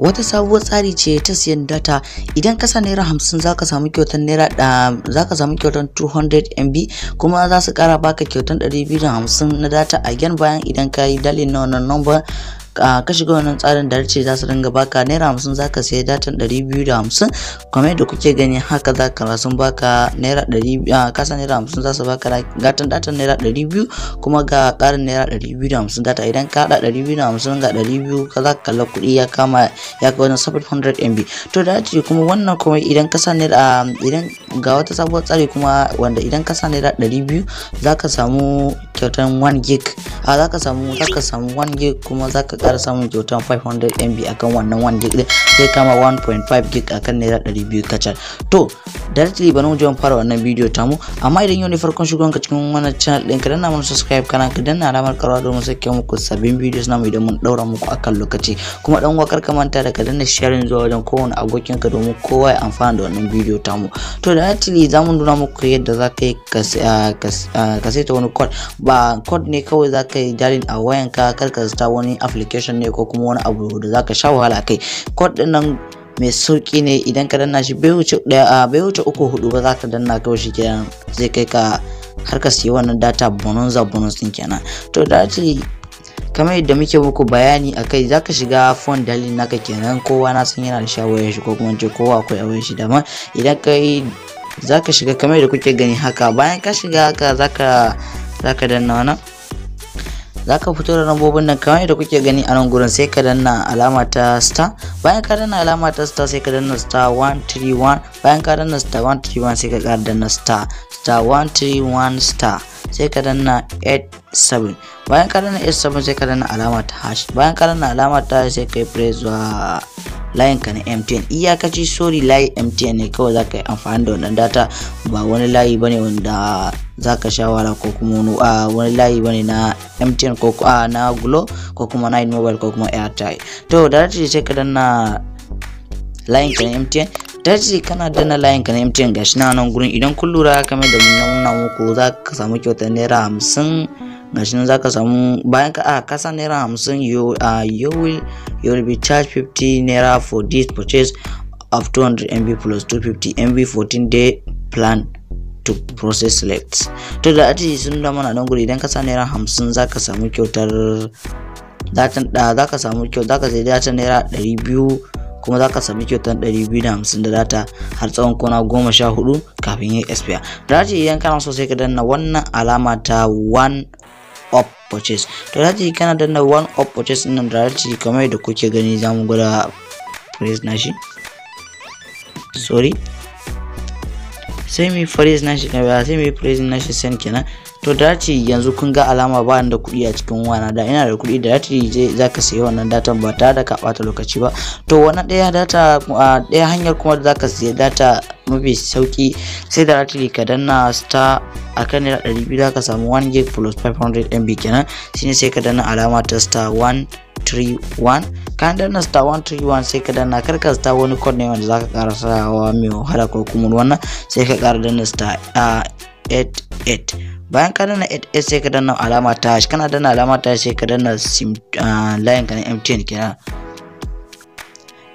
wata sabuwar tsari ce ta siyan data idan ka sa naira hamsin za ka samu kyautan naira ah, za ka samu kyautan 200 mb kuma za su kara baka kyautan 250 na data a gyan bayan idan ka yi dalin na wannan number ka shiga wannan tsarin da harce za su ringa baka naira hamsin za ka sayi datan ɗari biyu da hamsin kamar yadda kuke gani haka za ka sun baka naira ɗari kasa naira hamsin za su baka gatan datan naira ɗari biyu kuma ga ƙarin naira ɗari biyu da hamsin data idan ka haɗa ɗari biyu da hamsin ga ɗari biyu ka za ka kalla kuɗi ya kama ya kai wajen 700 mb to da ce kuma wannan kuma idan ka sa naira idan ga wata sabuwar tsari kuma wanda idan ka sa naira 200 za ka samu kyautar 1 gig a za ka samu za ka samu 1 gig kuma za ka kara samun kyautan 500 MB akan wannan wanda sai kama 1.5 gig akan naira 200 kacal to directly bana mu fara wannan bidiyo tamu amma idan yau ne farkon shugaban ka cikin wannan channel ɗin ka danna mana subscribe kana ka danna alamar karawa domin sake muku sabbin videos namu idan mun daura muku akan lokaci kuma dan wakar ka manta da ka danna sharing zuwa wajen kowane abokin ka domin kowa ya amfana da wannan bidiyo tamu to directly za mu nuna muku yadda za ka yi ka saita wani code ba code ne kawai za ka yi dalin a wayanka kar ka wani application ne ko kuma wani abu da za ka sha wahala kai code dinnan mai sauki ne idan ka danna shi bai wuce daya bai wuce uku hudu ba za ka danna kawai shi kenan zai kai ka har ka siya wannan data bonanza bonus din kenan to da ce kamar yadda muke muku bayani a kai zaka shiga phone dalilin naka kenan kowa na san yana da shawarar shi ko kuma ce kowa akwai awayar shi dama idan kai zaka shiga kamar yadda kuke gani haka bayan ka shiga haka zaka zaka danna wannan zaka fito da lambobin nan kamar yadda kuke gani a nan gurin sai ka danna alama ta star bayan ka danna alama ta star sai ka danna star 131 bayan ka danna star 131 sai ka ƙara danna star star 131 star sai ka danna 87 bayan ka danna 87 sai ka danna alama ta hash bayan ka danna alama ta sai ka yi press zuwa ka na mtn iyakaci sorry layi mtn ne kawai za ka yi amfani da wannan data ba wani layi bane wanda za ka sha ko kuma wani layi bane na mtn ko na glo ko kuma na mobile ko kuma airtime to da sai ka danna layin ka na mtn daji kana dana layin ka na mtn gashi na nan gurin idan kun lura kamar da mun nuna muku za ka samu kyautar naira hamsin gashi nan zaka samu bayan ka a kasa naira hamsin you uh, you will you will be charged 50 naira for this purchase of 200 mb plus 250 mb 14 day plan to process select to da ati sun da mana don guri idan kasa naira hamsin zaka samu kyautar za ka samu kyau za ka sai data naira 200 kuma za ka sami kyautar 250 da data har tsawon kona goma sha hudu kafin ya expire da idan kana so sai ka danna wannan alama ta 1. purchase to za kana danna one of purchase nan directly kamar da kuke gani za mu gwada phrase shi sorry sai mu yi phrase nashi sai mu yi phrase shi send kenan to da ce yanzu kun ga alama ba da kuɗi a cikin wana da ina da kuɗi da ce je za ka sayi wannan datan ba tare da ka ɓata lokaci ba to wannan ɗaya data ɗaya hanyar kuma da za ka sayi data mafi sauki sai da ratiri ka danna star a kan naira ɗari biyu za ka samu 1 gig plus 500 mb kenan shine sai ka danna alama ta star 131 kan danna star 131 sai ka danna karka star wani kod ne wanda zaka kara sawa mai wahala ko kuma wannan sai ka kara danna star 88 bayan ka danna 8 sai ka danna alama ta hash kana danna alama ta sai ka danna sim ah, line ka na mtn kenan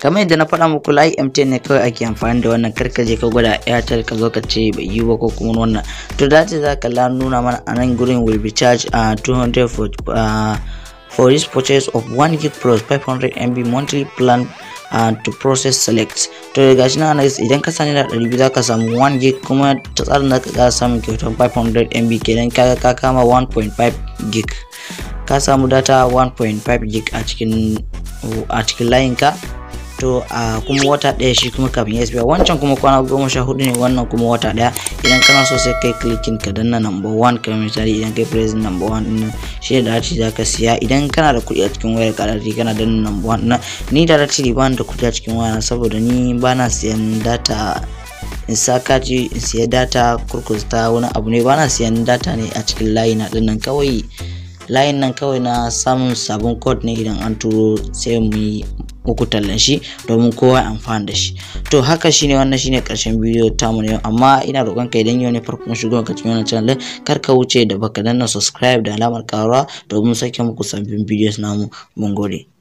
kamar yadda na faɗa muku lai mtn ne kawai ake amfani da wannan karka je ka gwada airtel ka zo ka ce bai yi ba ko kuma wannan to da ce za ka la nuna mana a nan gurin will be charged uh, ah, 200 for uh, for this purchase of 1 gig plus 500 mb monthly plan and to process select to daga shi na idan ka sani da 200 zaka samu 1 gig kuma ta tsarin da ka samu kyautar 500 mb kenan kaga ka kama 1.5 gig ka samu data 1.5 gig a cikin a cikin ka to a kuma wata daya shi kuma kafin ya expire wancan kuma kwana goma sha hudu ne wannan kuma wata daya idan kana so sai kai clicking ka danna number one kamar misali idan kai present number one din shi da dace za ka siya idan kana da kuɗi a cikin wayar ka dace kana danna number one na ni da dace ba da kuɗi a cikin wayar saboda ni ba na siyan data in sa kaji in siya data kurkusta wani abu ne ba na siyan data ne a cikin layi na ɗin nan kawai layin nan kawai na samun sabon code ne idan an turo sai mu yi uku tallan shi domin kowa ya amfana da shi to haka shine wannan shine karshen bidiyo ta na yau amma ina roƙon ka idan yau ne farkon shigo ka cikin wannan channel kar ka wuce da baka danna subscribe da alamar karawa domin sake muku sabbin videos namu mun gode